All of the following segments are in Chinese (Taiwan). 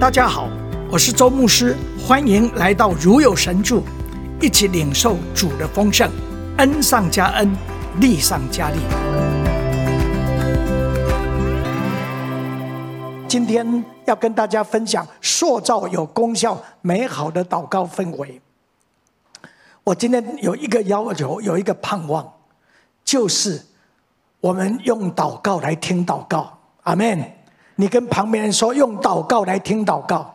大家好，我是周牧師，歡迎來到如有神助，一起領受主的豐盛，恩上加恩，力上加力。今天要跟大家分享塑造有功效、美好的禱告氛圍。我今天有一個要求，有一個盼望，就是我們用禱告來聽禱告，阿門。你跟旁邊人說，用禱告來聽禱告。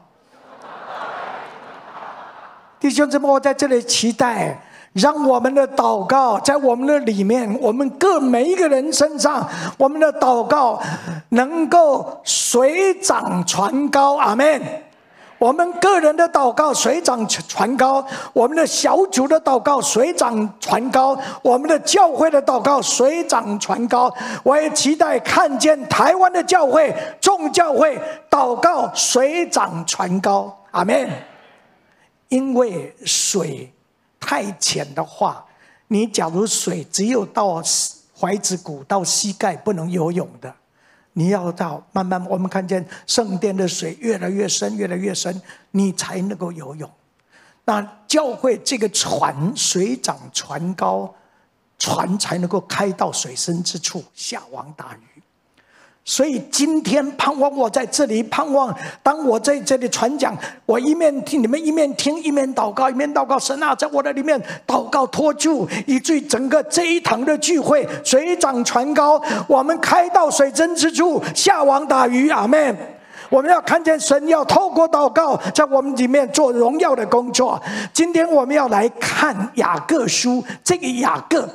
弟兄姊妹，我在這裡期待，讓我們的禱告在我們的裡面，我們各每一個人身上，我們的禱告能夠水漲船高。阿門。我們個人的禱告水漲船高，我們的小組的禱告水漲船高，我們的教會的禱告水漲船高。我也期待看見台灣的教會、眾教會禱告水漲船高。阿門。因為水太淺的話，你假如水只有到踝子骨到膝蓋，不能游泳的。你要到慢慢，我們看見聖殿的水越來越深，越來越深，你才能夠游泳。那教會這個船水漲船高，船才能夠開到水深之處下網打魚。所以今天盼望我在這裡盼望，當我在這裡傳講，我一面聽你們一面聽，一面禱告，一面禱告神啊，在我的裡面禱告托住，以至於整個這一堂的聚會水漲船高，我們開到水深之處下網打魚，阿們，我們要看見神要透過禱告在我們裡面做榮耀的工作。今天我們要來看雅各書，這個雅各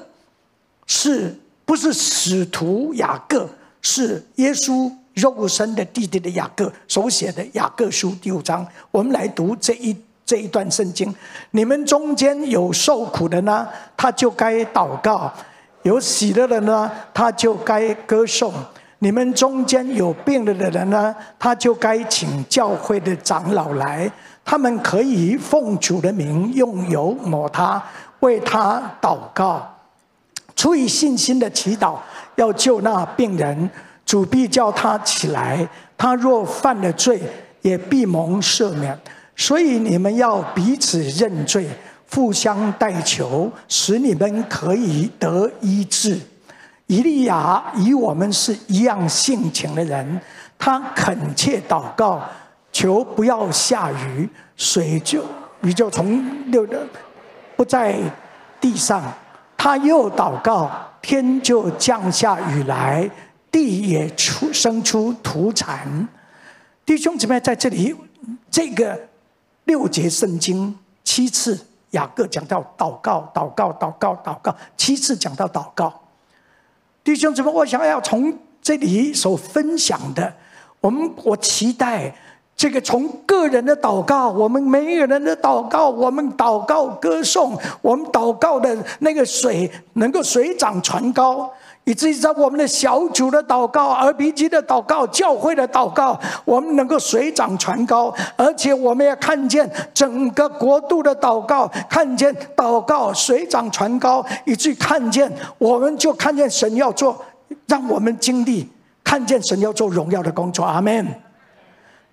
是不是使徒雅各？是耶穌肉身的弟弟的雅各所寫的《雅各書》第五章，我們來讀這一這一段聖經。你們中間有受苦的呢、啊，他就該禱告；有喜樂的呢、啊，他就該歌頌；你們中間有病了的人呢、啊，他就該請教會的長老來，他們可以奉主的名用油抹他，為他禱告，出於信心的祈禱。要救那病人，主必叫他起來。他若犯了罪，也必蒙赦免。所以你們要彼此認罪，互相代求，使你們可以得醫治。以利亞與我們是一樣性情的人，他懇切禱告，求不要下雨，水就，雨就從六六不在地上。他又禱告。天就降下雨來，地也出生出土產。弟兄姊妹，在這裡，這個六節聖經七次雅各講到禱告，禱告，禱告，禱告，七次講到禱告。弟兄姊妹，我想要從這裡所分享的，我們我期待。這個從個人的禱告，我們每一個人的禱告，我們禱告歌頌，我們禱告的那個水能夠水漲船高，以至於在我們的小組的禱告、而 p g 的禱告、教會的禱告，我們能夠水漲船高，而且我們也看見整個國度的禱告，看見禱告水漲船高，以至於看見我們就看見神要做，讓我們經歷看見神要做榮耀的工作，阿門。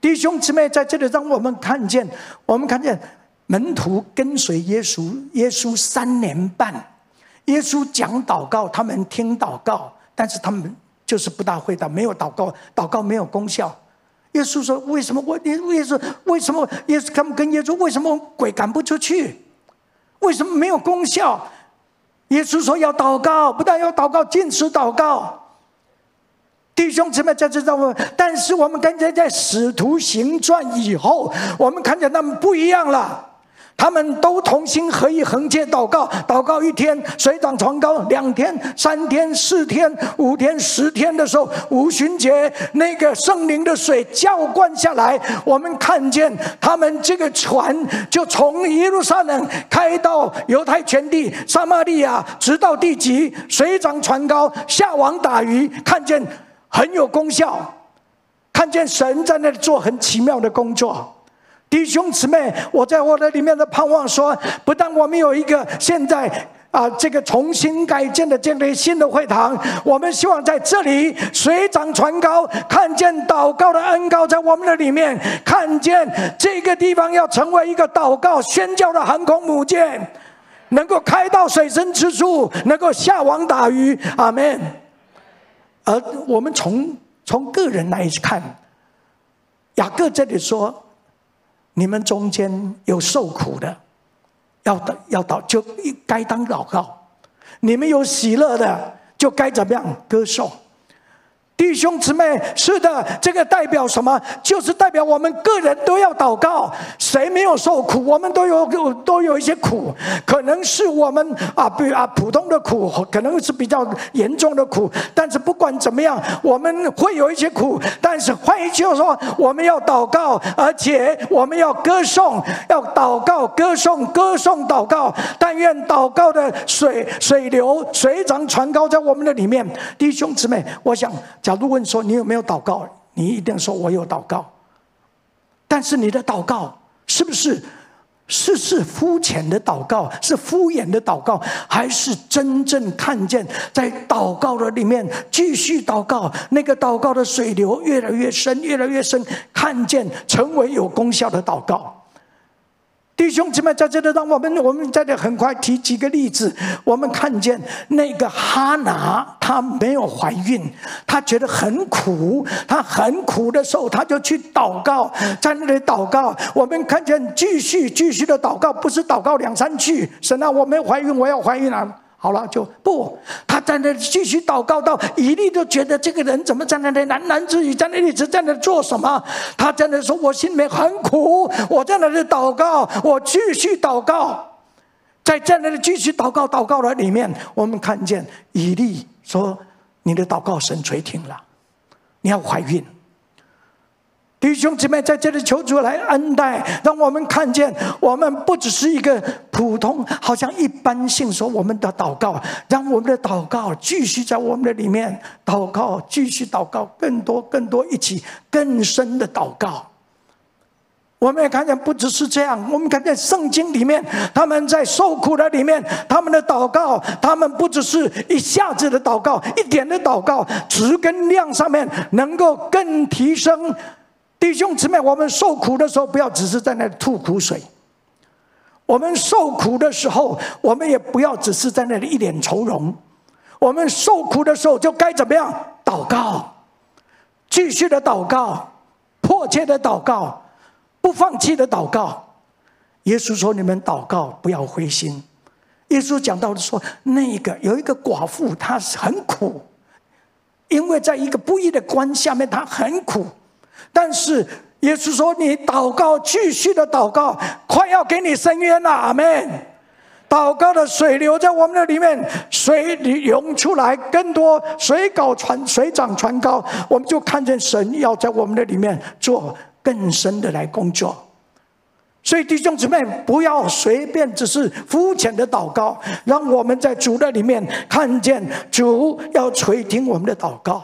弟兄姊妹，在這裡讓我們看見，我們看見門徒跟隨耶穌，耶穌三年半，耶穌講禱告，他們聽禱告，但是他們就是不大會禱，沒有禱告，禱告沒有功效。耶穌說：“為什麼我？你為什為什麼耶穌他們跟耶穌？為什麼鬼趕不出去？為什麼沒有功效？”耶穌說：“要禱告，不但要禱告，堅持禱告。”弟兄姊妹這知道，但是我們剛才在使徒行傳以後，我們看見他們不一樣了。他們都同心合意恆切禱告，禱告一天，水漲船高；兩天、三天、四天、五天、十天的時候，五旬節那個聖靈的水澆灌下來，我們看見他們這個船就從耶路撒冷開到猶太全地、撒瑪利亞，直到地極，水漲船高，下網打魚，看見。很有功效，看見神在那裡做很奇妙的工作，弟兄姊妹，我在我的裡面的盼望說，不但我們有一個現在啊、呃、這個重新改建的建立新的會堂，我們希望在這裡水漲船高，看見禱告的恩膏在我們的裡面，看見這個地方要成為一個禱告宣教的航空母艦，能夠開到水深之處，能夠下網打魚，阿門。而我們從從個人來看，雅各這裡說：“你們中間有受苦的，要的要到就該當禱告；你們有喜樂的，就該怎麼樣歌頌。”弟兄姊妹，是的，這個代表什麼？就是代表我們個人都要禱告。誰沒有受苦？我們都有都有一些苦，可能是我們啊比啊普通的苦，可能是比較嚴重的苦。但是不管怎麼樣，我們會有一些苦，但是換一句話說，我們要禱告，而且我們要歌頌，要禱告、歌頌、歌頌、禱告。但願禱告的水水流、水漲船高，在我們的裡面。弟兄姊妹，我想。假如問說你有沒有禱告，你一定說我有禱告。但是你的禱告是不是是是膚淺的禱告，是敷衍的禱告，還是真正看見在禱告的裡面繼續禱告，那個禱告的水流越來越深，越來越深，看見成為有功效的禱告？弟兄姊妹，在這裡，讓我們我們在這很快提幾個例子。我們看見那個哈拿，她沒有懷孕，她覺得很苦，她很苦的時候，她就去禱告，在那裡禱告。我們看見繼續繼續的禱告，不是禱告兩三句。神啊，我沒有懷孕，我要懷孕啊！好了，就不，他在那裡繼續禱告，到以利都覺得這個人怎麼在那裡喃喃自語，在那裡一直在那裡做什麼？他在那裡說：“我心裡面很苦，我在那裡禱告，我繼續禱告，在在那裡繼續禱告，禱告了裡面，我們看見以利說：‘你的禱告神垂聽了，你要懷孕。’”弟兄姊妹，在這裡求主來恩待，讓我們看見，我們不只是一個普通，好像一般性說我們的禱告，讓我們的禱告繼續在我們的裡面禱告，繼續禱告，更多更多，一起更深的禱告。我們也看見，不只是這樣，我們看見聖經裡面，他們在受苦的裡面，他們的禱告，他們不只是一下子的禱告，一點的禱告，質跟量上面能夠更提升。弟兄姊妹，我們受苦的時候，不要只是在那裡吐苦水；我們受苦的時候，我們也不要只是在那裡一臉愁容。我們受苦的時候，就該怎麼樣？禱告，繼續的禱告，迫切的禱告，不放棄的禱告。耶穌說：“你們禱告，不要灰心。”耶穌講到的說：“那個有一個寡婦，她是很苦，因為在一個不義的官下面，她很苦。”但是，耶穌說，你禱告，繼續的禱告，快要給你伸冤了，阿門。禱告的水流在我們那裡面，水湧出來更多水，水搞船水漲船高，我們就看見神要在我們那裡面做更深的來工作。所以弟兄姊妹，不要隨便只是膚淺的禱告，讓我們在主那裡面看見主要垂聽我們的禱告。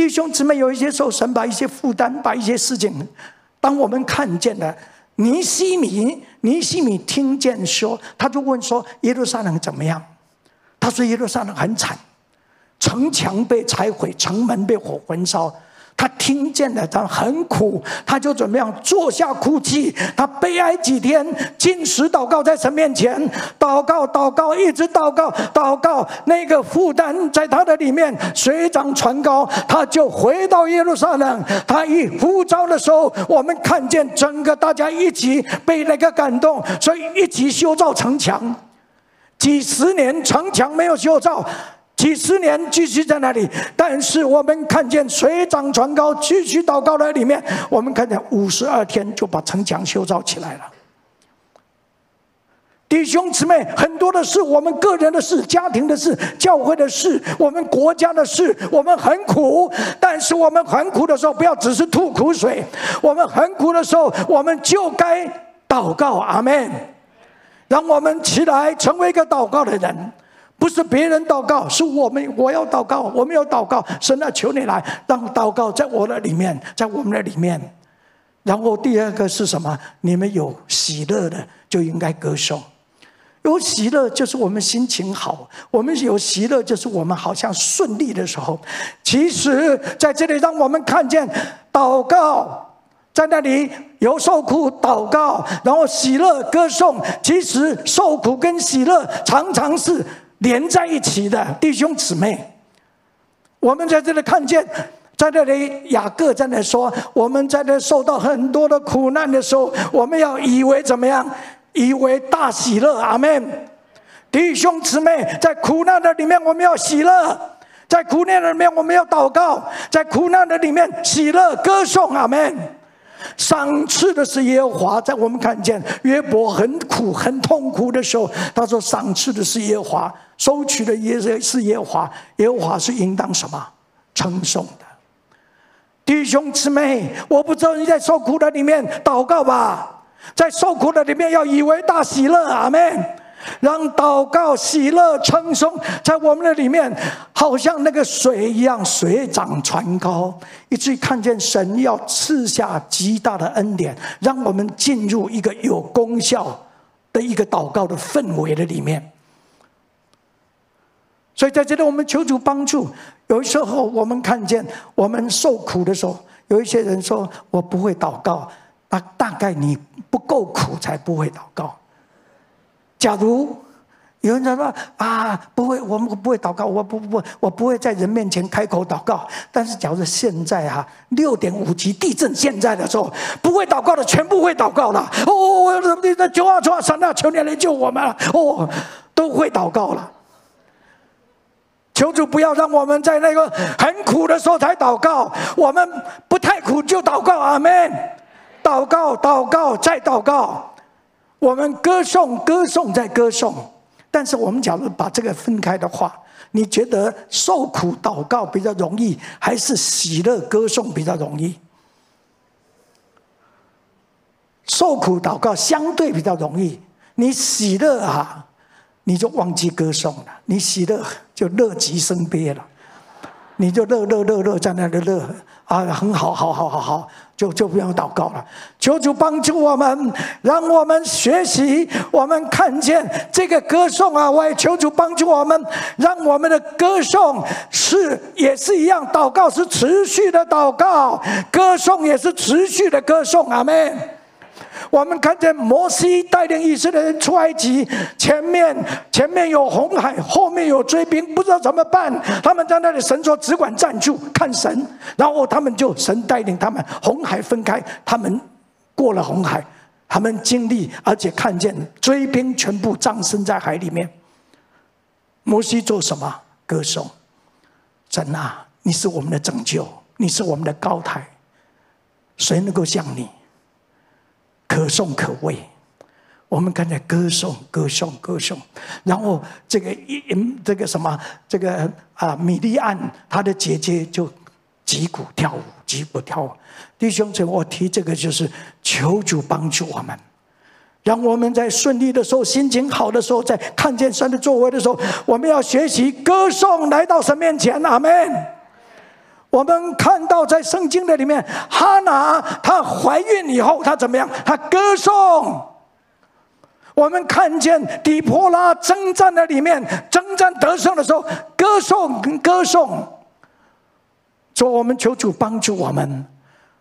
弟兄姊妹，有一些時候，神把一些負擔，把一些事情，當我們看見了尼希米，尼希米聽見說，他就問說：“耶路撒冷怎麼樣？”他說：“耶路撒冷很慘，城牆被拆毀，城門被火焚燒。”他聽見了，他很苦，他就怎麼樣，坐下哭泣，他悲哀幾天，禁食禱告在神面前，禱告禱告一直禱告禱告，那個負擔在他的裡面水漲船高，他就回到耶路撒冷，他一呼召的時候，我們看見整個大家一起被那個感動，所以一起修造城牆，幾十年城牆沒有修造。幾十年繼續在那裡，但是我們看見水漲船高，繼續禱告在裡面。我們看見五十二天就把城牆修造起來了。弟兄姊妹，很多的事我們個人的事、家庭的事、教會的事、我們國家的事。我們很苦，但是我們很苦的時候，不要只是吐苦水。我們很苦的時候，我們就該禱告。阿門。讓我們起來成為一個禱告的人。不是別人禱告，是我們我要禱告，我們有禱告，神啊，求你來讓禱告在我的裡面，在我們的裡面。然後第二個是什麼？你們有喜樂的就應該歌頌。有喜樂就是我們心情好，我們有喜樂就是我們好像順利的時候。其實，在這裡讓我們看見禱告在那裡有受苦禱告，然後喜樂歌頌。其實受苦跟喜樂常常是。連在一起的弟兄姊妹，我們在這裡看見，在這裡雅各在那說，我們在這受到很多的苦難的時候，我們要以為怎麼樣？以為大喜樂。阿門。弟兄姊妹，在苦難的裡面，我們要喜樂；在苦難的裡面，我們要禱告；在苦難的裡面，喜樂歌頌。阿門。賞賜的是耶和華，在我們看見約伯很苦、很痛苦的時候，他說：“賞賜的是耶和華。”收取的也是耶和華，耶和華是應當什麼？稱頌的。弟兄姊妹，我不知道你在受苦的裡面禱告吧，在受苦的裡面要以為大喜樂。阿門！讓禱告喜樂稱頌在我們的裡面，好像那個水一樣，水漲船高，以至於看見神要賜下極大的恩典，讓我們進入一個有功效的一個禱告的氛圍的裡面。所以在這邊，我們求主幫助。有時候我們看見我們受苦的時候，有一些人說：“我不會禱告。”啊，大概你不夠苦，才不會禱告。假如有人在說：“啊，不會，我們不會禱告，我不不我不會在人面前開口禱告。”但是，假如現在哈、啊，六點五級地震現在的時候，不會禱告的全部會禱告了。哦，那麼地震？九二、九二、三二，求你來救我們了！哦，都會禱告了。求主不要讓我們在那個很苦的時候才禱告，我們不太苦就禱告。阿們。禱告，禱告，再禱告。我們歌頌，歌頌，再歌頌。但是我們假如把這個分開的話，你覺得受苦禱告比較容易，還是喜樂歌頌比較容易？受苦禱告相對比較容易，你喜樂啊？你就忘記歌頌了，你喜樂就樂極生悲了，你就樂樂樂樂在那的樂、樂啊，很好，好好好好，就就不用禱告了。求主幫助我們，讓我們學習，我們看見這個歌頌啊。喂，求主幫助我們，讓我們的歌頌是也是一樣，禱告是持續的禱告，歌頌也是持續的歌頌，阿們。我們看見摩西帶領以色列人出埃及，前面前面有紅海，後面有追兵，不知道怎麼辦。他們在那裡，神說：“只管站住，看神。”然後他們就神帶領他們，紅海分開，他們過了紅海。他們經歷，而且看見追兵全部葬身在海裡面。摩西做什麼？歌頌神吶、啊，你是我們的拯救，你是我們的高台，誰能夠像你？可頌可畏，我們剛才歌頌歌頌歌頌，然後這個一這個什麼這個啊米利暗他的姐姐就擊鼓跳舞，擊鼓跳舞。弟兄姊妹，我提這個就是求主幫助我們，讓我們在順利的時候、心情好的時候，在看見神的作為的時候，我們要學習歌頌，來到神面前。阿門。我們看到在聖經的裡面，哈拿她懷孕以後，她怎麼樣？她歌頌。我們看見底波拉征戰的裡面，征戰得勝的時候，歌頌跟歌頌，說：“我們求主幫助我們。”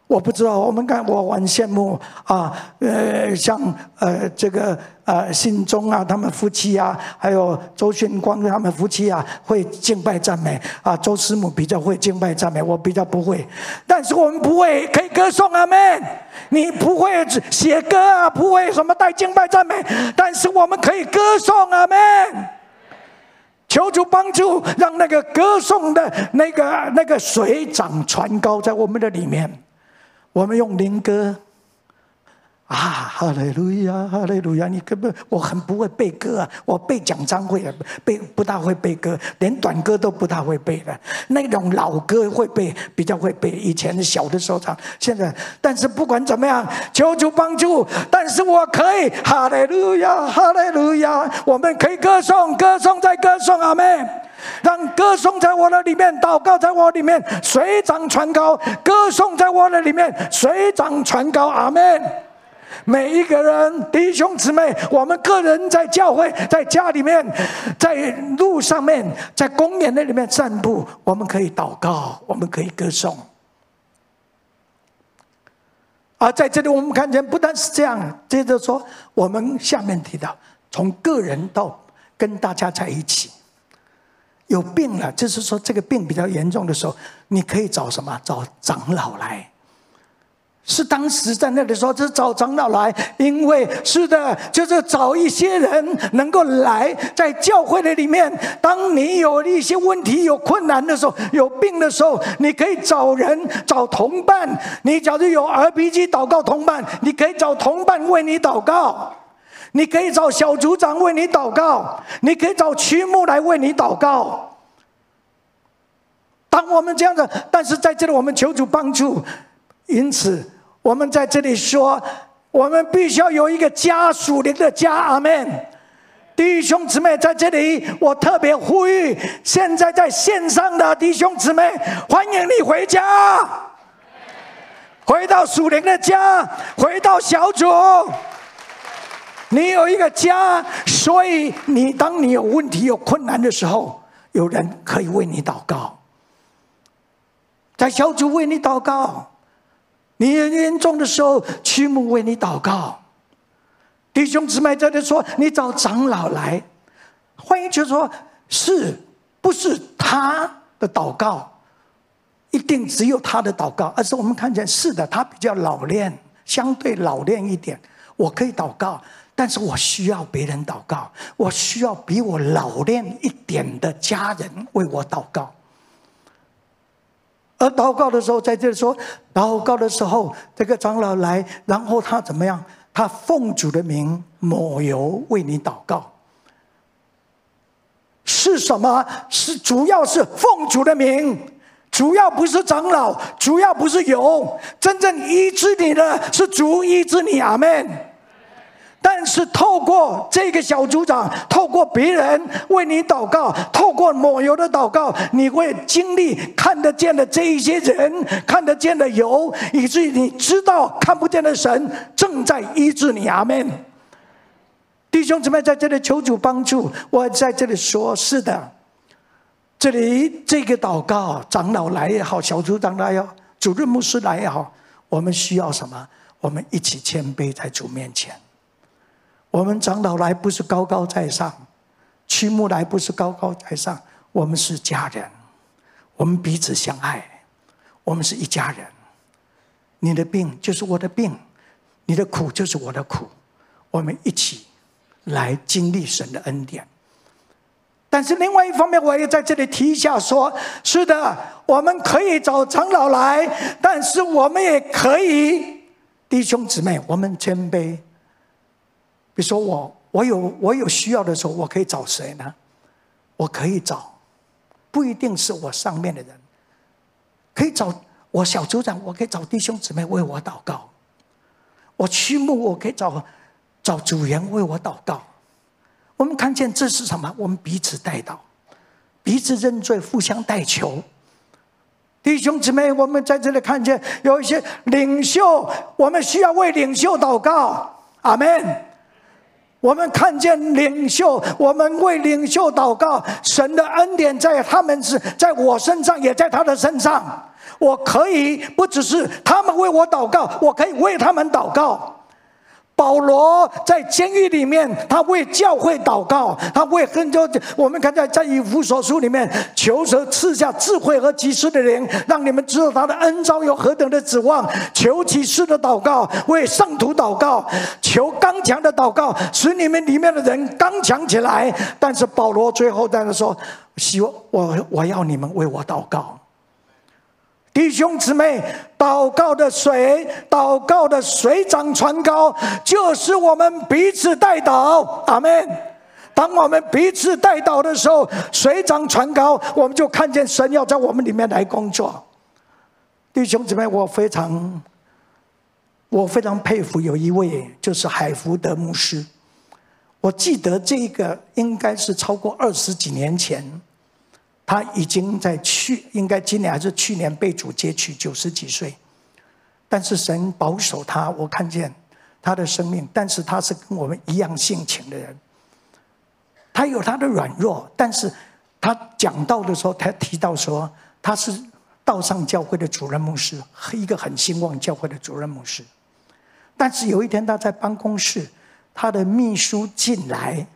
我不知道，我們看我很羨慕啊，呃，像呃這個呃信宗啊，他們夫妻啊，還有周訓光他們夫妻啊，會敬拜讚美啊。周師母比較會敬拜讚美，我比較不會。但是我們不會，可以歌頌阿門。你不會寫歌啊，不會什麼帶敬拜讚美，但是我們可以歌頌阿門。求主幫助，讓那個歌頌的那個那個水漲船高，在我們的裡面。我們用靈歌啊，哈利路亞，哈利路亞。你根本我很不會背歌啊，我背講章會啊，背不大會背歌，連短歌都不大會背的。那種老歌會背，比較會背。以前小的時候唱，現在。但是不管怎麼樣，求主幫助。但是我可以哈利路亞，哈利路亞。我們可以歌頌，歌頌再歌頌，阿們。讓歌頌在我的裡面，禱告在我裡面，水漲船高。歌頌在我的裡面，水漲船高。阿門。每一個人，弟兄姊妹，我們各人在教會，在家裡面，在路上面，在公園那裡面散步，我們可以禱告，我們可以歌頌。而在這裡，我們看見不但是這樣，接着說，我們下面提到，從個人到跟大家在一起。有病了，就是說這個病比較嚴重的時候，你可以找什麼？找長老來。是當時在那裡說，就是找長老來，因為是的，就是找一些人能夠來在教會的裡面。當你有一些問題、有困難的時候、有病的時候，你可以找人、找同伴。你假如有 RPG 禱告同伴，你可以找同伴為你禱告。你可以找小組長為你禱告，你可以找區牧來為你禱告。當我們這樣子，但是在這裡我們求主幫助。因此，我們在這裡說，我們必須要有一個家，屬靈的家。阿門！弟兄姊妹，在這裡，我特別呼籲，現在在線上的弟兄姊妹，歡迎你回家，回到屬靈的家，回到小組。你有一個家，所以你當你有問題、有困難的時候，有人可以為你禱告。在小組為你禱告，你嚴重的時候，區牧為你禱告。弟兄姊妹在這裡說，你找長老來。歡迎就說是不是他的禱告？一定只有他的禱告，而是我們看見是的，他比較老練，相對老練一點，我可以禱告。但是我需要別人禱告，我需要比我老練一點的家人為我禱告。而禱告的時候，在這裡說禱告的時候，這個長老來，然後他怎麼樣？他奉主的名抹油為你禱告，是什麼？是主要是奉主的名，主要不是長老，主要不是油，真正醫治你的是主，醫治你，阿們。但是透過這個小組長，透過別人為你禱告，透過抹油的禱告，你會經歷看得見的這一些人，看得見的油，以至於你知道看不見的神正在醫治你。阿們。弟兄姊妹在這裡求主幫助，我在這裡說，是的。這裡這個禱告，長老來也好，小組長來也好，主任牧師來也好，我們需要什麼？我們一起謙卑在主面前。我們長老來不是高高在上，區牧來不是高高在上，我們是家人，我們彼此相愛，我們是一家人。你的病就是我的病，你的苦就是我的苦，我們一起來經歷神的恩典。但是另外一方面，我也在這裡提一下說，說是的，我們可以找長老來，但是我們也可以，弟兄姊妹，我們謙卑。你說我，我有我有需要的時候，我可以找誰呢？我可以找，不一定是我上面的人，可以找我小組長，我可以找弟兄姊妹為我禱告，我區牧我可以找找組員為我禱告。我們看見這是什麼？我們彼此代禱，彼此認罪，互相代求。弟兄姊妹，我們在這裡看見有一些領袖，我們需要為領袖禱告。阿門。我們看見，領袖，我們為領袖禱告，神的恩典在他們是在我身上，也在他的身上。我可以不只是他們為我禱告，我可以為他們禱告。保羅在監獄裡面，他為教會禱告，他為很多我們看在，在以弗所書裡面，求神賜下智慧和啟示的人，讓你們知道他的恩召有何等的指望，求啟示的禱告，為聖徒禱告，求剛強的禱告，使你們裡面的人剛強起來。但是保羅最後在那說，希望我，我要你們為我禱告。弟兄姊妹，禱告的水，禱告的水漲船高，就是我們彼此代禱，阿門。當我們彼此代禱的時候，水漲船高，我們就看見神要在我們裡面來工作。弟兄姊妹，我非常，我非常佩服，有一位就是海福德牧師。我記得這個應該是超過二十幾年前。他已經在去，應該今年還是去年被主接去九十幾歲，但是神保守他，我看見他的生命，但是他是跟我們一樣性情的人，他有他的軟弱，但是他講道的時候，他提到說他是道上教會的主任牧師，一個很興旺教會的主任牧師，但是有一天他在辦公室，他的秘書進來，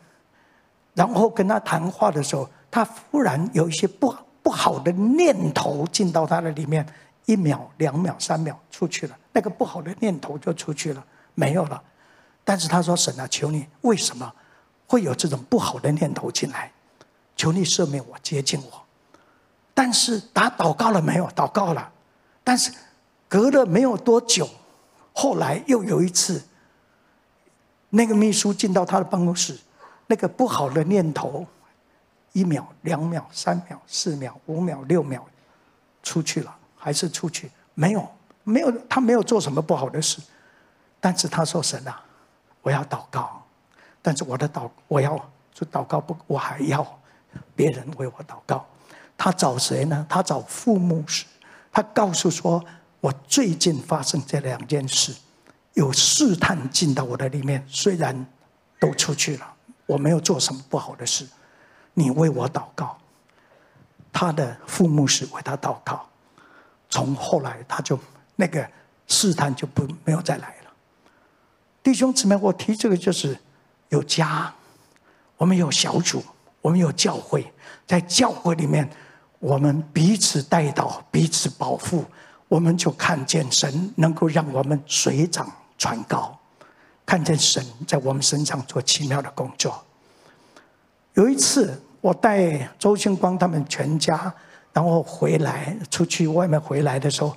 然後跟他談話的時候。他忽然有一些不不好的念頭進到他的裡面，一秒、兩秒、三秒出去了，那個不好的念頭就出去了，沒有了。但是他說：“神啊，求你為什麼會有這種不好的念頭進來？求你赦免我，接近我。”但是打禱告了沒有？禱告了。但是隔了沒有多久，後來又有一次，那個秘書進到他的辦公室，那個不好的念頭。一秒、兩秒、三秒、四秒、五秒、六秒，出去了還是出去？沒有，沒有，他沒有做什麼不好的事，但是他說：“神啊，我要禱告，但是我的禱，我要說禱告不，我還要別人為我禱告。”他找誰呢？他找父母時。他告訴說：“我最近發生這兩件事，有試探進到我的裡面，雖然都出去了，我沒有做什麼不好的事。”你為我禱告，他的父母是為他禱告。從後來他就那個試探就不沒有再來了。弟兄姊妹，我提這個就是有家，我們有小組，我們有教會，在教會裡面，我們彼此代禱，彼此保護，我們就看見神能夠讓我們水漲船高，看見神在我們身上做奇妙的工作。有一次，我帶周興光他們全家，然後回來出去外面回來的時候，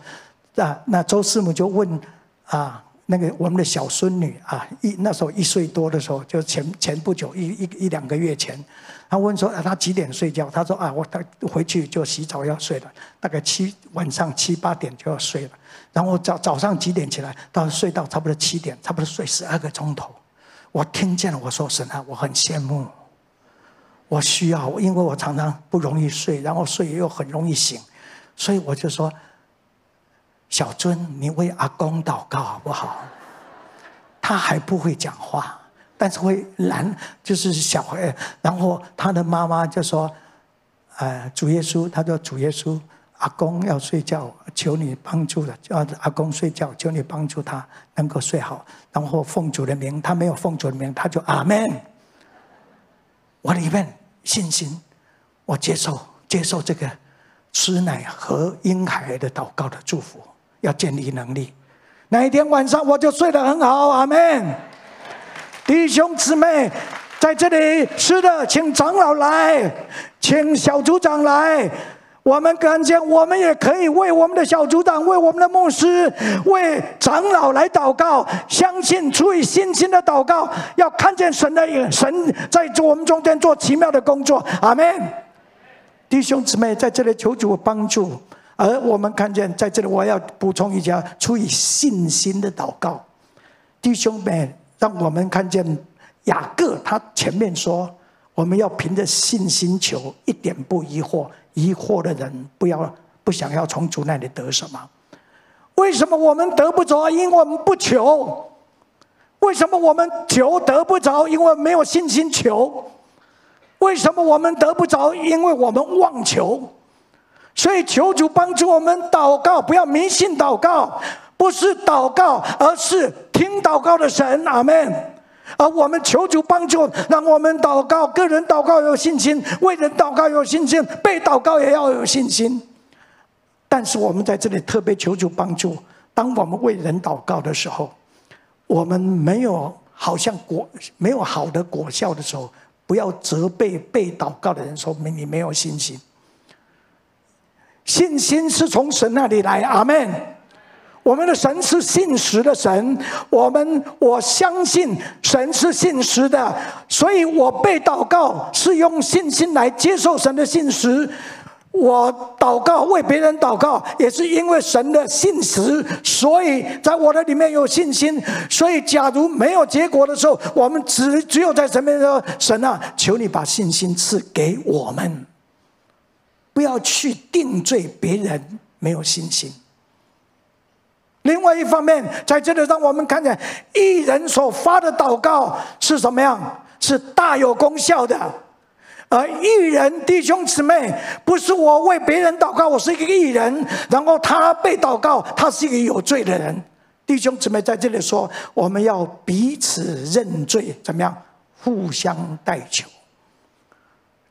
啊，那周師母就問啊，那個我們的小孫女啊，一那時候一歲多的時候，就前前不久一一一兩個月前，他問說啊，他幾點睡覺？他說啊，我他回去就洗澡要睡了，大概七晚上七八點就要睡了，然後早早上幾點起來？到睡到差不多七點，差不多睡十二個鐘頭。我聽見了，我說神啊，我很羨慕。我需要，因為我常常不容易睡，然後睡又很容易醒，所以我就說：“小尊，你為阿公禱告好不好？”他還不會講話，但是會攔，就是小孩。然後他的媽媽就說：“呃，主耶穌，他說主耶穌，阿公要睡覺，求你幫助了，叫、啊、阿公睡覺，求你幫助他能夠睡好。”然後奉主的名，他沒有奉主的名，他就阿門。我裡面信心，我接受接受這個吃奶和嬰孩的禱告的祝福，要建立能力。那一天晚上我就睡得很好，阿門。Amen 弟兄姊妹，在這裡吃的，請長老來，請小組長來。我們看見，我們也可以為我們的小組長、為我們的牧師、為長老來禱告。相信出於信心的禱告，要看見神的眼神在我們中間做奇妙的工作。阿門。弟兄姊妹，在這裡求主幫助。而我們看見，在這裡我要補充一下：出於信心的禱告，弟兄們，讓我們看見雅各他前面說。我們要憑着信心求，一點不疑惑。疑惑的人，不要不想要從主那裡得什麼？為什麼我們得不着？因為我們不求。為什麼我們求得不着？因為沒有信心求。為什麼我們得不着？因為我們妄求。所以求主幫助我們禱告，不要迷信禱告，不是禱告，而是聽禱告的神。阿門。而我們求主幫助，讓我們禱告，個人禱告有信心，為人禱告有信心，被禱告也要有信心。但是我們在這裡特別求主幫助，當我們為人禱告的時候，我們沒有好像果沒有好的果效的時候，不要責備被禱告的人，說明你沒有信心。信心是從神那裡來，阿門。我們的神是信實的神，我們我相信神是信實的，所以我被禱告是用信心來接受神的信實。我禱告，為別人禱告，也是因為神的信實，所以在我的裡面有信心。所以，假如沒有結果的時候，我們只只有在神面前說：“神啊，求你把信心賜給我們，不要去定罪別人沒有信心。”另外一方面，在這裡讓我們看見，義人所發的禱告是什麼樣？是大有功效的。而義人弟兄姊妹，不是我為別人禱告，我是一個義人。然後他被禱告，他是一個有罪的人。弟兄姊妹在這裡說，我們要彼此認罪，怎麼樣？互相代求。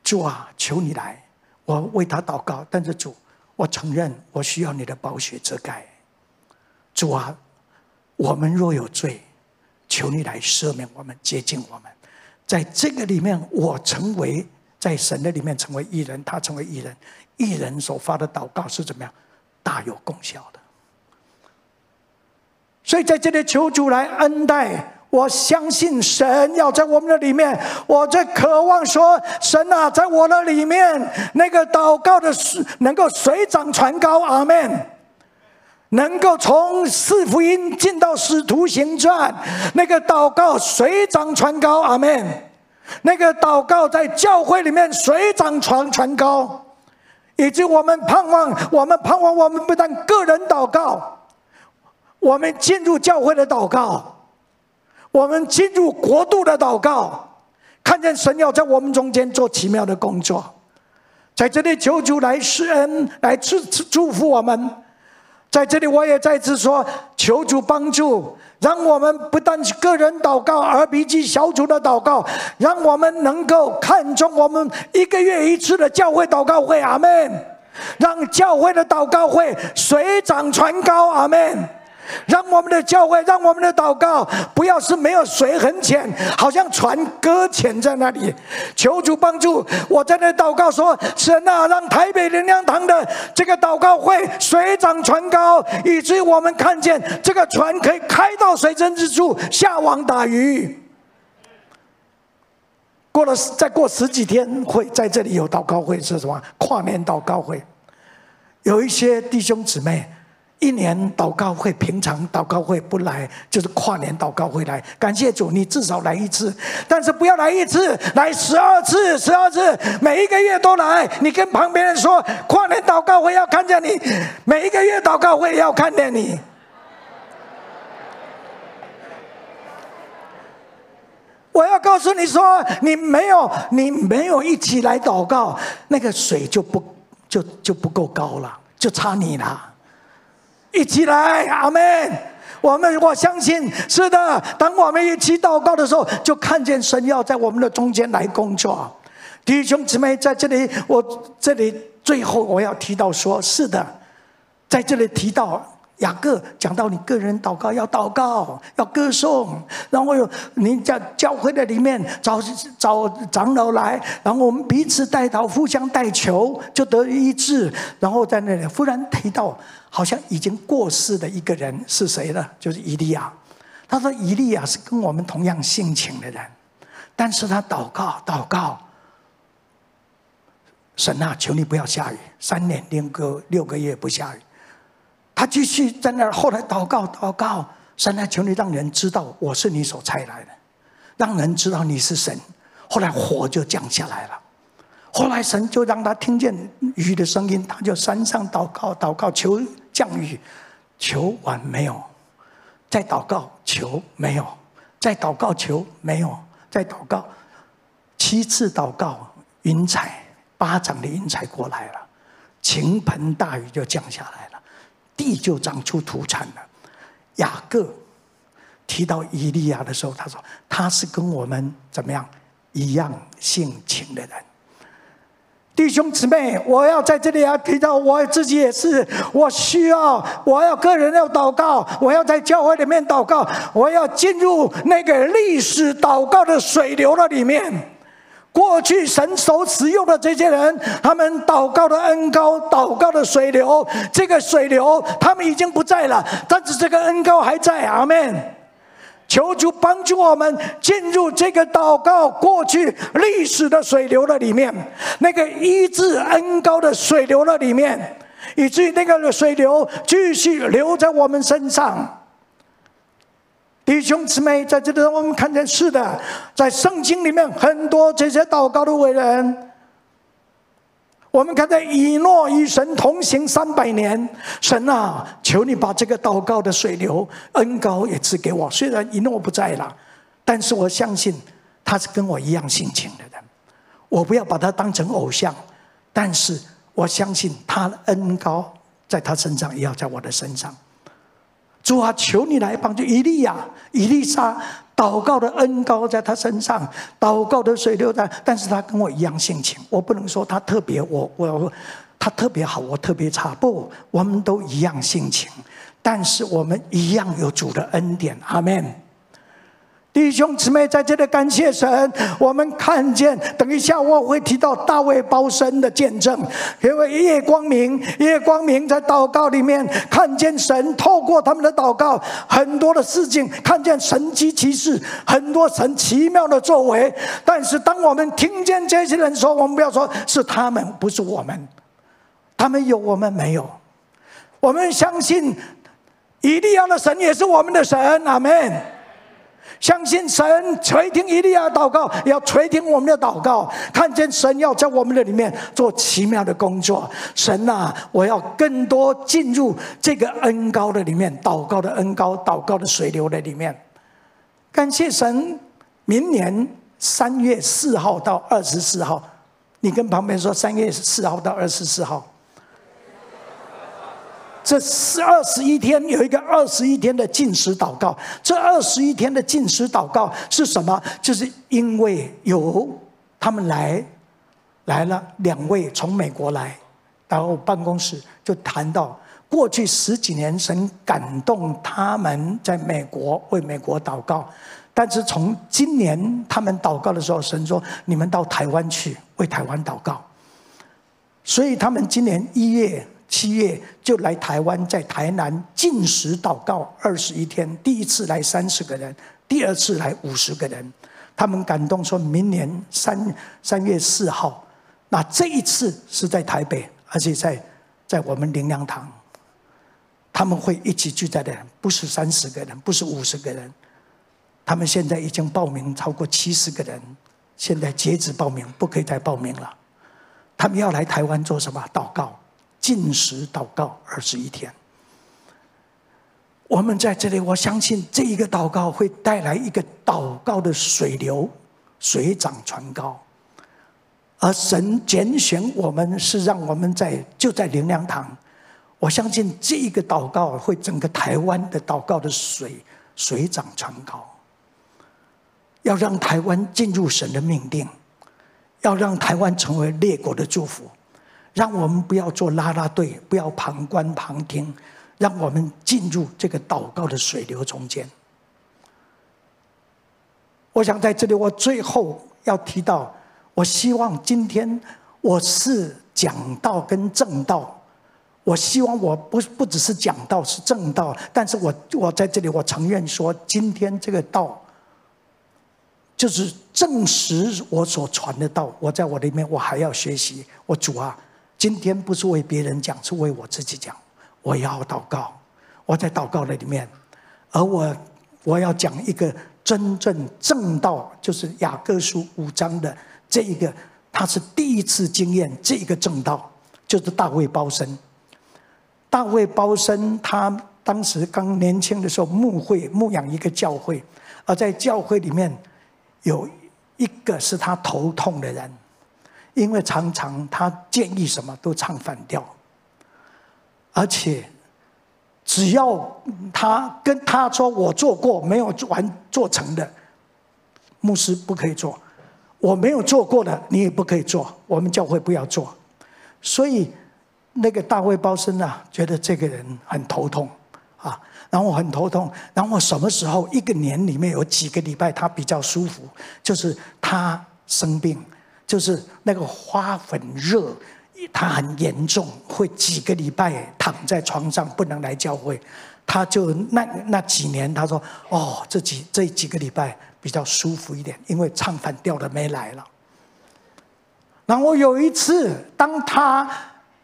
主啊，求你來，我為他禱告。但是主，我承認，我需要你的寶血遮蓋。主啊，我們若有罪，求你來赦免我們，接近我們。在這個裡面，我成為在神的裡面成為義人，他成為義人，義人所發的禱告是怎麼樣？大有功效的。所以在這裡求主來恩待，我相信神要在我們的裡面，我在渴望說，神啊，在我的裡面，那個禱告的水能夠水漲船高。阿門。能夠從四福音進到使徒行傳，那個禱告水漲船高，阿門。那個禱告在教會裡面水漲船船高，以及我們盼望，我們盼望，我們不但個人禱告，我們進入教會的禱告，我們進入國度的禱告，看見神要在我們中間做奇妙的工作，在這裡求主來施恩，來賜祝福我們。在這裡，我也再次說，求主幫助，讓我們不但是個人禱告，而比起小組的禱告，讓我們能夠看重我們一個月一次的教會禱告會。阿門。讓教會的禱告會水漲船高。阿門。讓我們的教會，讓我們的禱告，不要是沒有水很淺，好像船擱淺在那裡。求主幫助，我在那禱告說：神啊，讓台北靈糧堂的這個禱告會水漲船高，以至於我們看見這個船可以開到水深之處，下網打魚。過了再過十幾天，會在這裡有禱告會是什麼？跨年禱告會，有一些弟兄姊妹，一年禱告會，平常禱告會不來，就是跨年禱告會來。感謝主，你至少來一次，但是不要來一次，來十二次，十二次，每一個月都來。你跟旁邊人說，跨年禱告會要看見你，每一個月禱告會要看見你。我要告訴你說，你沒有，你沒有一起來禱告，那個水就不就就不夠高了，就差你了。一起來，阿門！我們我相信，是的。當我們一起禱告，告的時候，就看見神要在我們的中間來工作。弟兄姊妹，在這裡，我這裡最後我要提到說，說是的，在這裡提到。雅各講到你個人禱告要禱告要歌頌，然後有你在教會的裡面找找長老來，然後我們彼此代禱，互相代求，就得醫治。然後在那裡忽然提到，好像已經過世的一個人是誰了，就是以利亞。他說：“以利亞是跟我們同樣性情的人，但是他禱告禱告，神啊，求你不要下雨，三年零個六個月不下雨。”他繼續在那兒，後來禱告禱告，神來求你讓人知道我是你所差來的，讓人知道你是神。後來火就降下來了，後來神就讓他聽見雨的聲音，他就山上禱告禱告，求降雨，求完沒有，再禱告求沒有，再禱告求沒有，再禱告，七次禱告，雲彩巴掌的雲彩過來了，傾盆大雨就降下來了。地就長出土產了。雅各提到以利亞的時候，他說他是跟我們怎麼樣一樣性情的人。弟兄姊妹，我要在這裡要提到，我自己也是，我需要，我要個人要禱告，我要在教會裡面禱告，我要進入那個歷史禱告的水流了裡面。過去神所使用的這些人，他們禱告的恩膏，禱告的水流，這個水流他們已經不在了，但是這個恩膏還在。阿門！求主幫助我們進入這個禱告過去歷史的水流的裡面，那個醫治恩膏的水流的裡面，以至於那個水流繼續流在我們身上。弟兄姊妹，在這裡，我們看見是的，在聖經裡面很多這些禱告的偉人，我們看到以諾與神同行三百年。神啊，求你把這個禱告的水流恩膏也賜給我。雖然以諾不在了，但是我相信他是跟我一樣性情的人。我不要把他當成偶像，但是我相信他的恩膏在他身上，也要在我的身上。主啊，求你來幫助以利亞、以利沙，禱告的恩膏在他身上，禱告的水流在。但是他跟我一樣性情，我不能說他特別，我我他特別好，我特別差。不，我們都一樣性情，但是我們一樣有主的恩典。阿門。弟兄姊妹，在這裡感謝神。我們看見，等一下我會提到大衛鮑森的見證，因為葉光明、葉光明在禱告裡面看見神，透過他們的禱告，很多的事情看見神蹟奇事，很多神奇妙的作為。但是，當我們聽見這些人說，我們不要說是他們，不是我們，他們有，我們沒有。我們相信，以利亞的神也是我們的神。阿門。相信神垂聽，以利亞的禱告，也要垂聽我們的禱告。看見神要在我們的裡面做奇妙的工作。神啊，我要更多進入這個恩膏的裡面，禱告的恩膏，禱告的水流的裡面。感謝神！明年三月四號到二十四號，你跟旁邊說三月四號到二十四號。這四二十一天有一個二十一天的禁食禱告，這二十一天的禁食禱告是什麼？就是因為有他們來來了兩位從美國來，然後辦公室，就談到過去十幾年神感動他們在美國為美國禱告，但是從今年他們禱告的時候，神說，你們到台灣去為台灣禱告，所以他們今年一月。七月就來台灣，在台南禁食禱告二十一天。第一次來三十個人，第二次來五十個人。他們感動，說明年三三月四號。那這一次是在台北，而且在在我們靈糧堂，他們會一起聚在的人，不是三十個人，不是五十個人。他們現在已經報名超過七十個人，現在截止報名，不可以再報名了。他們要來台灣做什麼？禱告。禁食禱告二十一天，我們在這裡，我相信這一個禱告會帶來一個禱告的水流，水漲船高。而神揀選我們是讓我們在就在靈糧堂，我相信這一個禱告會整個台灣的禱告的水水漲船高，要讓台灣進入神的命令，要讓台灣成為列國的祝福。讓我們不要做拉拉隊，不要旁觀旁聽，讓我們進入這個禱告的水流中間。我想在這裡，我最後要提到，我希望今天我是講道跟正道，我希望我不不只是講道是正道，但是我我在這裡，我承認說，今天這個道就是證實我所傳的道。我在我裡面，我還要學習，我主啊。今天不是為別人講，是為我自己講。我要禱告，我在禱告那裡面，而我我要講一個真正正道，就是雅各書五章的這一個，他是第一次經驗這一個正道，就是大衛鮑森。大衛鮑森，他當時剛年輕的時候牧會，牧養一個教會，而在教會裡面有一個是他頭痛的人。因為常常他建議什麼都唱反調，而且只要他跟他說，我做過沒有做完做成的，牧師不可以做，我沒有做過的你也不可以做，我們教會不要做。所以那個大衛包森啊，覺得這個人很頭痛啊，然後很頭痛，然後我什麼時候一個年裡面有幾個禮拜他比較舒服，就是他生病。就是那個花粉熱，他很嚴重，會幾個禮拜躺在床上不能來教會。他就那那幾年，他說：“哦，這幾這幾個禮拜比較舒服一點，因為唱反調的沒來了。”然後有一次，當他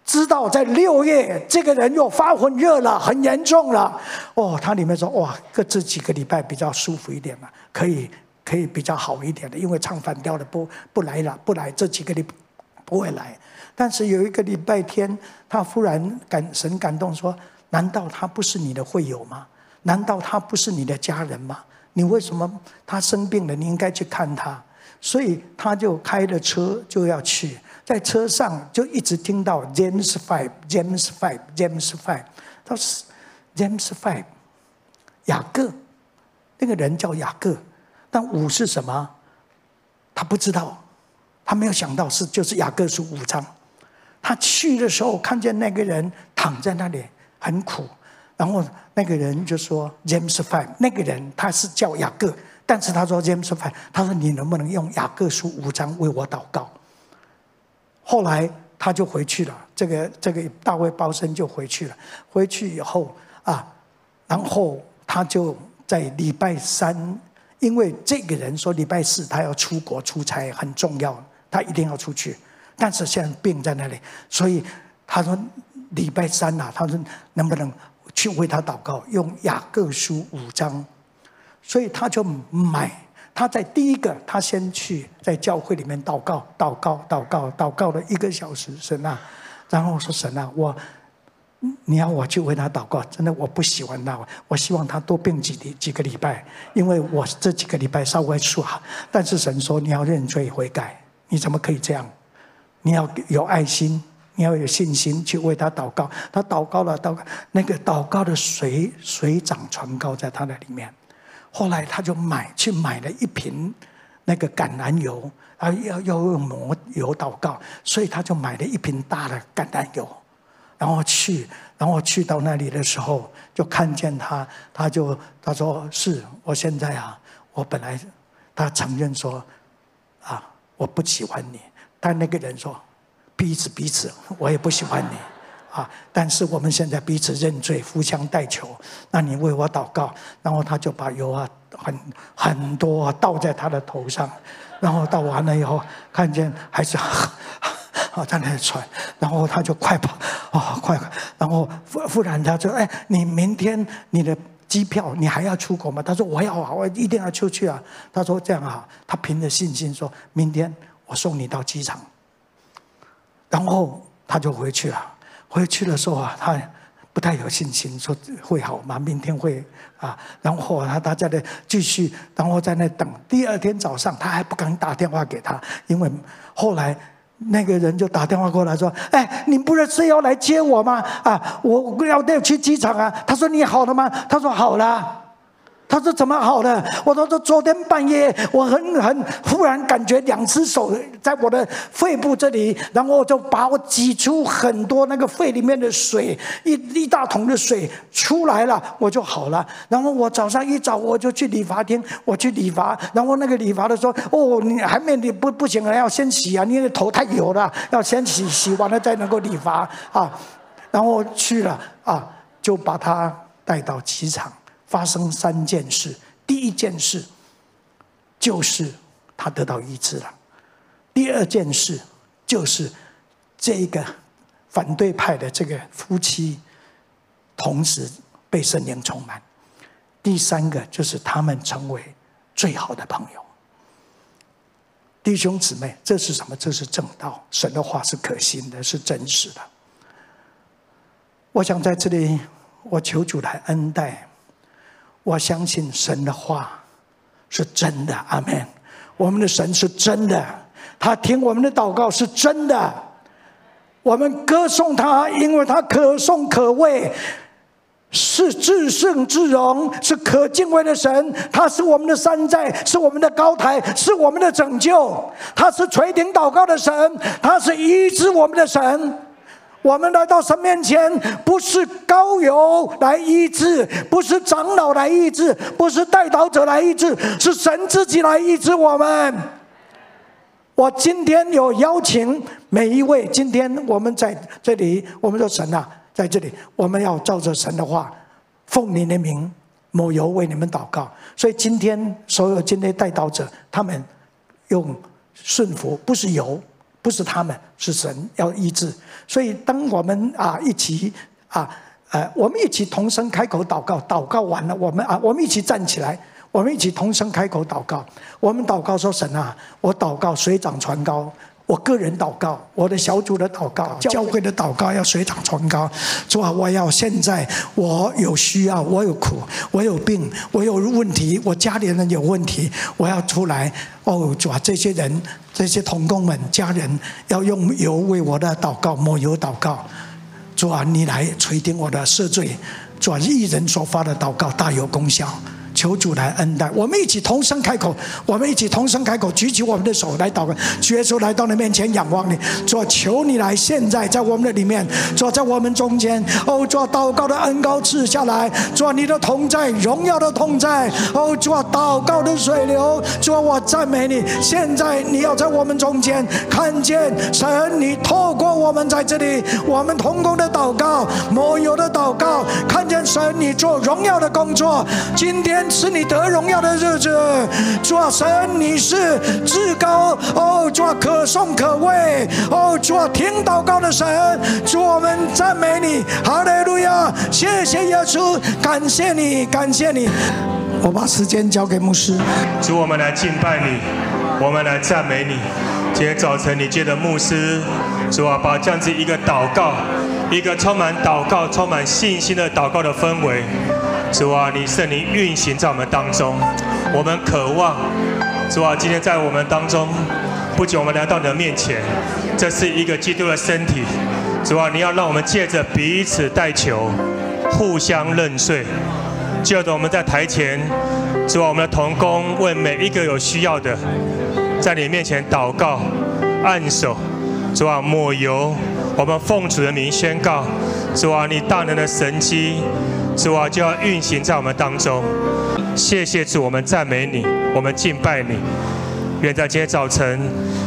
知道在六月這個人又發粉熱了，很嚴重了。哦，他裡面說：“哇，這這幾個禮拜比較舒服一點嘛，可以。”可以比較好一點的，因為唱反調的不不來了，不來這幾個禮拜不，不會來。但是有一個禮拜天，他忽然感神感動，說：“難道他不是你的會友嗎？難道他不是你的家人嗎？你為什麼他生病了，你應該去看他？”所以他就開着車就要去，在車上就一直聽到 James Five, James Five, James Five，他是 James Five，雅各，那個人叫雅各。但五是什麼？他不知道，他沒有想到是就是雅各書五章。他去的時候看見那個人躺在那裡很苦，然後那個人就說：“James five。”那個人他是叫雅各，但是他說：“James five。”他說：“你能不能用雅各書五章為我禱告？”後來他就回去了，這個這個大衛鮑森就回去了。回去以後啊，然後他就在禮拜三。因為這個人說，禮拜四他要出國出差，很重要，他一定要出去。但是現在病在那裡，所以他說禮拜三吶、啊，他說能不能去為他禱告，用雅各書五章。所以他就買，他在第一個，他先去在教會裡面禱告，禱告，禱告，禱告，禱告了一個小時，神啊！然後說神啊，我。你要我去為他禱告，真的我不喜歡他，我希望他多病幾幾個禮拜，因為我這幾個禮拜稍微數。但是神說，你要認罪悔改，你怎麼可以這樣？你要有愛心，你要有信心去為他禱告。他禱告了，禱告，那個禱告的水水漲船高在他的裡面。後來他就買去買了一瓶那個橄欖油，啊，要要用魔油禱告，所以他就買了一瓶大的橄欖油。然後去，然後去到那裡的時候，就看見他，他就他說是，我現在啊，我本來，他承認說，啊，我不喜歡你，但那個人說，彼此彼此，我也不喜歡你，啊，但是我們現在彼此認罪，互相代求，那你為我禱告。然後他就把油啊很很多啊，倒在他的頭上，然後倒完了以後，看見還是。哦，在那喘，然後他就快跑，啊，快、快！然後，忽然他就哎，你明天你的機票，你還要出國嗎？他說我要，啊，我一定要出去啊！他說這樣啊，他憑着信心說明天我送你到機場。然後他就回去了。回去的時候啊，他不太有信心，說會好嗎？明天會啊？然後他大家呢，繼續，然後在那等。第二天早上，他還不敢打電話給他，因為後來。那個人就打電話過來說：“哎，你不是說要來接我嗎？啊，我我要去機場啊。”他說：“你好了嗎？”他說：“好了。”他說怎麼好的？我說這昨天半夜，我很很忽然感覺兩只手在我的肺部這裡，然後就把我擠出很多那個肺裡面的水，一一大桶的水出來了，我就好了。然後我早上一早我就去理髮廳，我去理髮，然後那個理髮的說：“哦，你還沒理不不行啊，要先洗啊，你的頭太油了，要先洗洗完了再能夠理髮啊。”然後去了啊，就把他帶到機場。發生三件事：第一件事就是他得到醫治了；第二件事就是這個反對派的這個夫妻同時被聖靈充滿；第三個就是他們成為最好的朋友、弟兄姊妹。這是什麼？這是正道。神的話是可信的，是真實的。我想在這裡，我求主來恩待。我相信神的話是真的，阿門。我們的神是真的，他聽我們的禱告是真的。我們歌頌他，因為他可頌可畏，是至聖至榮，是可敬畏的神。他是我們的山寨，是我們的高台，是我們的拯救。他是垂聽禱告的神，他是醫治我們的神。我們來到神面前，不是膏油來醫治，不是長老來醫治，不是代禱者來醫治，是神自己來醫治我們。我今天有邀請每一位，今天我們在這裡，我們的神吶、啊，在這裡，我們要照着神的話，奉你的名，抹油為你們禱告。所以今天所有今天代禱者，他們用順服，不是油，不是他們，是神要醫治。所以，當我們啊一起啊，呃，我們一起同聲開口禱告，禱告完了，我們啊，我們一起站起來，我們一起同聲開口禱告。我們禱告說：“神啊，我禱告，水漲船高。”我個人禱告，我的小組的禱告，教會的禱告要水漲船高。主啊，我要現在我有需要，我有苦，我有病，我有問題，我家裡人有問題，我要出來。哦，主啊，這些人、這些同工們、家人，要用油為我的禱告抹油禱告。主啊，你來垂聽我的赦罪。主啊，義人所發的禱告大有功效。求主來恩待，我們一起同聲開口，我們一起同聲開口，舉起我們的手來禱告，耶穌來到你面前，仰望你，主，求你來現在在我們的裡面，主，在我們中間，哦，主，禱告的恩膏賜下來，主，你的同在，榮耀的同在，哦，主，禱告的水流，主，我讚美你，現在你要在我們中間看見神，你透過我們在這裡，我們同工的禱告，摩友的禱告，看見神，你做榮耀的工作，今天。是你得榮耀的日子，主啊，神，你是至高哦，主啊，可頌可畏哦，主啊，聽禱告的神，主我們讚美你，哈利路亞，謝謝耶穌，感謝你，感謝你。我把時間交給牧師，主我們來敬拜你，我們來讚美你。今天早晨你藉著牧師，主啊，把這樣子一個禱告，一個充滿禱告、充滿信心的禱告的氛圍。主啊，你聖靈運行在我們當中，我們渴望主啊，今天在我們當中，不僅我們來到你的面前，這是一個基督的身體，主啊，你要讓我們借着彼此代求，互相認罪，就着我們在台前，主啊，我們的同工為每一個有需要的，在你面前禱告、按手，主啊，抹油，我們奉主的名宣告，主啊，你大能的神蹟。主啊，就要運行在我們當中。謝謝主，我們讚美你，我們敬拜你。願在今天早晨，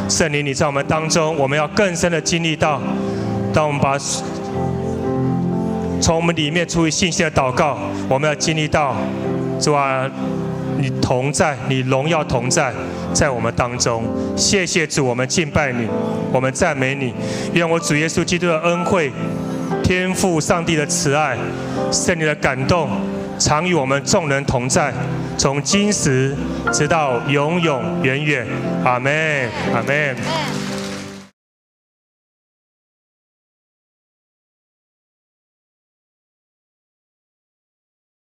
聖靈你在我們當中，我們要更深的經歷到，當我們把從我們裡面出於信心的禱告，我們要經歷到主啊，你同在，你榮耀同在，在我們當中。謝謝主，我們敬拜你，我們讚美你。願我主耶穌基督的恩惠。天父上帝的慈愛、聖靈的感動，常與我們眾人同在，從今時直到永永遠遠。阿門。阿門。